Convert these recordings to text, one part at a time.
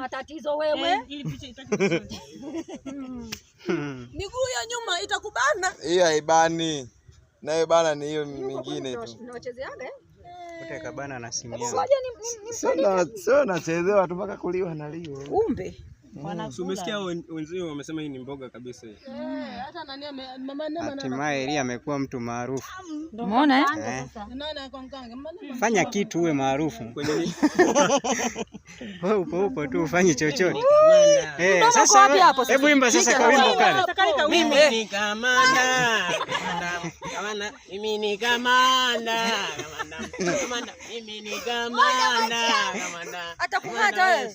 matatizo wewe. Eh, hmm. Miguu ya nyuma itakubana. Hiyo haibani. hiyo bana ni hiyo mingine tu. Sio nachezewa tu mpaka kuliwa na liwe. Kumbe. Mm. Umesikia wenzio wamesema hii ni mboga kabisa. Eh, Hatimaye Elia amekuwa mtu maarufu. Umeona eh? eh. Fanya kitu uwe maarufu. Wewe upo upo tu ufanye chochote. Eh, sasa hebu imba sasa kwa wimbo kale. Mimi ni kamanda. Kamanda, mimi ni kamanda. Kamanda, mimi ni kamanda. Kamanda. Atakupata wewe.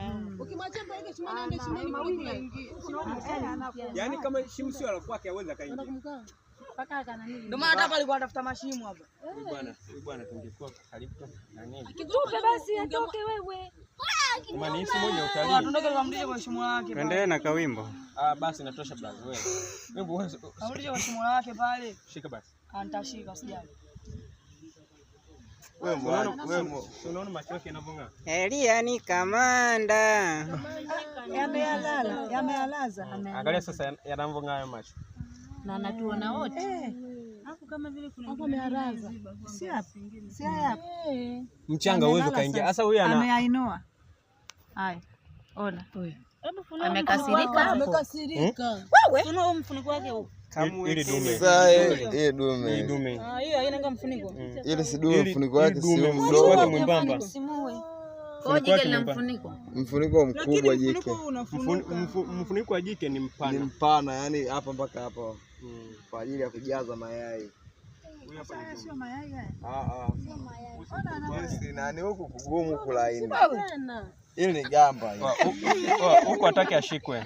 Yaani kama shimu sio la kwake aweza kaingia. Ndio maana hata alikuwa anatafuta mashimo hapa. Huyu bwana, huyu bwana tungekuwa karibu tu na nini? Akitupe basi atoke wewe. Umanisi mwenye utalii. Tuondoke tukamrudishe kwa shimo lake. Endelee na kawimbo. Ah, basi natosha brother wewe. Wewe uweze. Arudishe kwa shimo lake pale. Shika basi. Antashika sijali. Unaona macho yake Elia ni kamanda. Yameyalaza, yameyalaza. Mm, angalia sasa yanavong'aa hayo macho. Na anatuona wote. Hapo eh. kama vile kuna hapo ameyalaza. Si hapo. Si hapo. Eh. Mchanga uwezo kaingia. Sasa huyu ana Ona. Amekasirika. Amekasirika. Eh? Wewe. Unaona mfuniko wake dume ili si dume, mfuniko wake sio mdogo, mfuniko ah. mkubwa. Jike mfuniko wa jike ni mpana, ni mpana, yani hapa mpaka hapa mm, kwa ajili ya kujaza mayai nani ah, ah. huku kugumu kulaini, ili ni gamba huku, hataki ashikwe.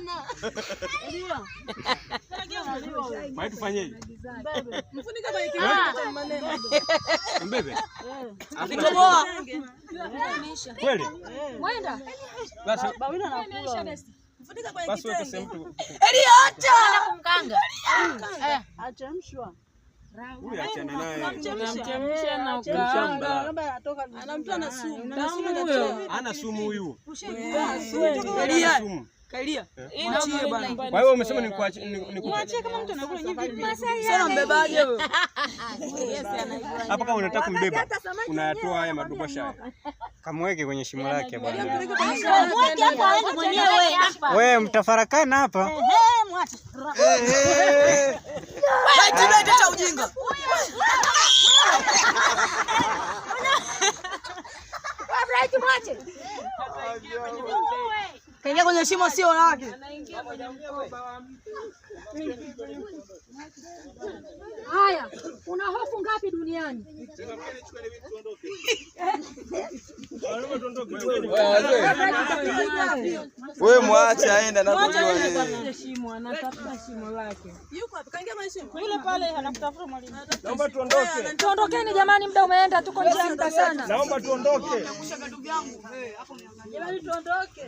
bwana. Ndio. Mbona tufanyeje? Mfunike kwa eh? kiatu cha maneno. Mbebe. Eh. Afikoboa. Kweli? Mwenda. Basi bawina anakula. Mfunike kwa kitenge. Eliota. Anamkanga. Eh. Achemshwa. Kwa hiyo umesema Hapa kama unataka kumbeba, unayatoa haya madubasha. Kamweke kwenye shimo lake Wewe mtafarakana hapa. Kaingia kwenye shimo, sio lake. Haya duniani. Wewe mwache aende na anatafuta shimo lake. Yule pale anakutafuta mwalimu. Naomba tuondoke. Tuondokeni jamani, muda umeenda, tuko njia sana. Naomba tuondoke. Jamani tuondoke.